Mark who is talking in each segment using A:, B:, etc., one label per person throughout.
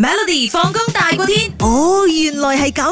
A: Melody 放工大過天，哦，原來係咁，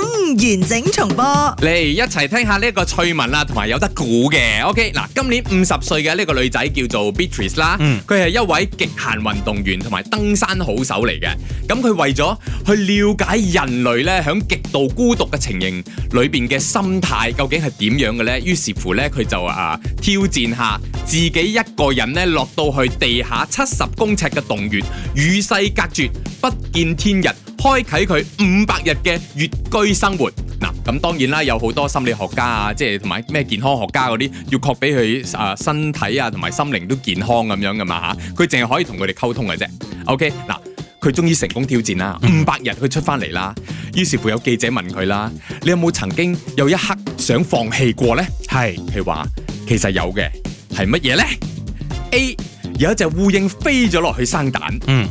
A: 完整重播嚟，一齊聽一下呢個趣聞啦，同埋有得估嘅。OK，嗱，今年五十歲嘅呢個女仔叫做 Beatrice 啦，嗯，佢係一位極限運動員同埋登山好手嚟嘅。咁佢為咗去了解人類呢，響極度孤獨嘅情形裏邊嘅心態究竟係點樣嘅呢？於是乎呢，佢就啊挑戰一下自己一個人呢，落到去地下七十公尺嘅洞穴，與世隔絕，不見。天日開啟佢五百日嘅穴居生活嗱，咁當然啦，有好多心理學家啊，即係同埋咩健康學家嗰啲，要確俾佢啊身體啊同埋心靈都健康咁樣噶嘛吓，佢淨係可以同佢哋溝通嘅啫。OK 嗱，佢終於成功挑戰啦，五百日佢出翻嚟啦，於、嗯、是乎，有記者問佢啦，你有冇曾經有一刻想放棄過呢？係佢話其實有嘅，係乜嘢呢 A 有一隻烏蠅飛咗落去生蛋，嗯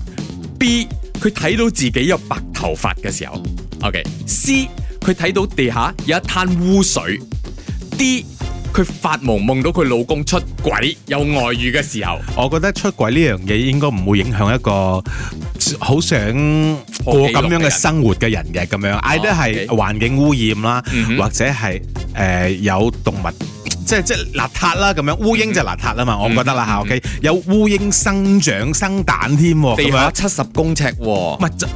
A: ，B。佢睇到自己有白頭髮嘅時候，OK。C 佢睇到地下有一灘污水。D 佢發夢夢到佢老公出軌有外遇嘅時候，
B: 我覺得出軌呢樣嘢應該唔會影響一個好想過咁樣嘅生活嘅人嘅咁樣。嗌得係環境污染啦，啊 okay. mm hmm. 或者係誒、呃、有動物。即係即係邋遢啦咁樣，烏蠅就邋遢啦嘛，我唔覺得啦嚇。O K，有烏蠅生長生蛋添喎，地下七
A: 十公尺喎。咪
B: 就，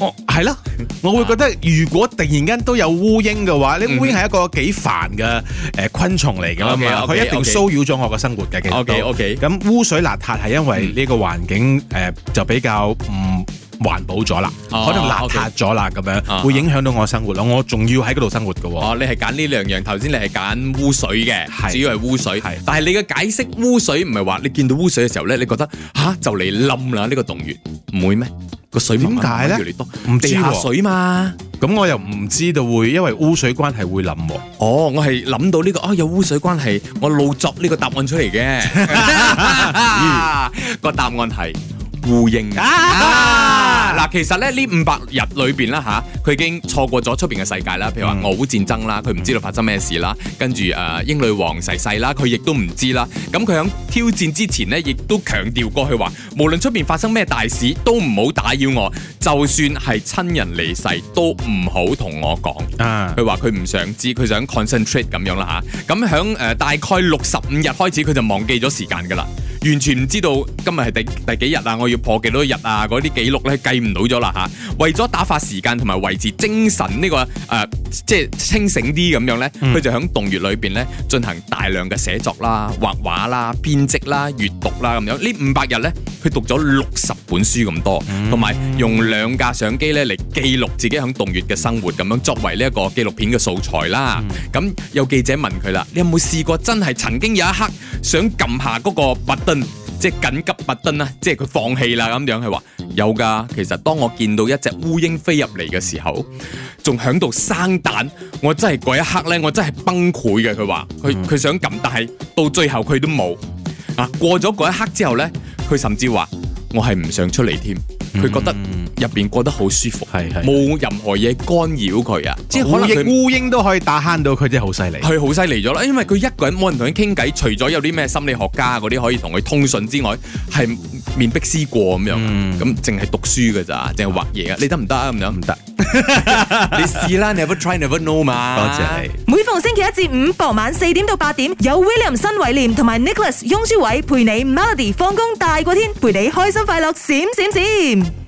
B: 哦，係咯，我會覺得如果突然間都有烏蠅嘅話，呢烏蠅係一個幾煩嘅，誒昆蟲嚟㗎嘛，佢一定騷擾咗我嘅生活嘅。O K O K，咁污水邋遢係因為呢個環境誒就比較唔。環保咗啦，可能邋遢咗啦，咁樣會影響到我生活咯。我仲要喺嗰度生活嘅。哦，
A: 你係揀呢兩樣，頭先你係揀污水嘅，只係污水。係，但係你嘅解釋污水唔係話你見到污水嘅時候咧，你覺得嚇就嚟冧啦呢個洞穴，唔會咩？個水點解咧？越嚟越多，唔地下水嘛。咁我又唔知道會，因為污水關係會冧喎。哦，我係諗到呢個，哦有污水關係，我老作呢個答案出嚟嘅個答案係。呼應啊！嗱、啊啊，其實咧呢五百日裏邊啦，嚇、啊，佢已經錯過咗出邊嘅世界啦。譬如話俄烏戰爭啦，佢唔知道發生咩事啦。跟住、啊、英女王逝世啦，佢亦都唔知啦。咁佢喺挑戰之前呢，亦都強調過，佢話，無論出邊發生咩大事，都唔好打擾我。就算係親人離世，都唔好同我講、啊。啊，佢話佢唔想知，佢想 concentrate 咁樣啦嚇。咁喺大概六十五日開始，佢就忘記咗時間㗎啦。完全唔知道今日係第第幾日啊！我要破幾多日啊！嗰啲記錄咧計唔到咗啦嚇。為咗打發時間同埋維持精神呢、呢個、呃、即係清醒啲咁樣咧，佢、嗯、就喺洞穴裏面咧進行大量嘅寫作啦、畫畫啦、編織啦、閱讀啦咁樣。呢五百日咧，佢讀咗六十本書咁多，同埋、嗯、用兩架相機咧嚟記錄自己喺洞穴嘅生活咁樣，作為呢一個紀錄片嘅素材啦。咁、嗯、有記者問佢啦：「你有冇試過真係曾經有一刻想撳下嗰個即係緊急拔燈啦，即係佢放棄啦咁樣，佢話有噶。其實當我見到一隻烏蠅飛入嚟嘅時候，仲響度生蛋，我真係嗰一刻咧，我真係崩潰嘅。佢話佢佢想撳，但係到最後佢都冇。啊，過咗嗰一刻之後咧，佢甚至話我係唔想出嚟添，佢覺得。入邊過得好舒服，係冇是是 任何嘢干擾佢啊！即係可能烏蠅都可以打慳到佢，真係好犀利。佢好犀利咗啦，因為佢一個人冇人同佢傾偈，除咗有啲咩心理學家嗰啲可以同佢通訊之外，係面壁思過咁、嗯、樣，咁淨係讀書噶咋，淨係畫嘢啊？是的 你得唔得啊？咁樣唔得， 你試啦，never try never know 嘛。多謝。每逢星期一至五傍晚四點到八點，有 William 新偉廉同埋 Nicholas 雍書偉陪你 Melody 放工大過天，陪你開心快樂閃閃閃。閃閃閃閃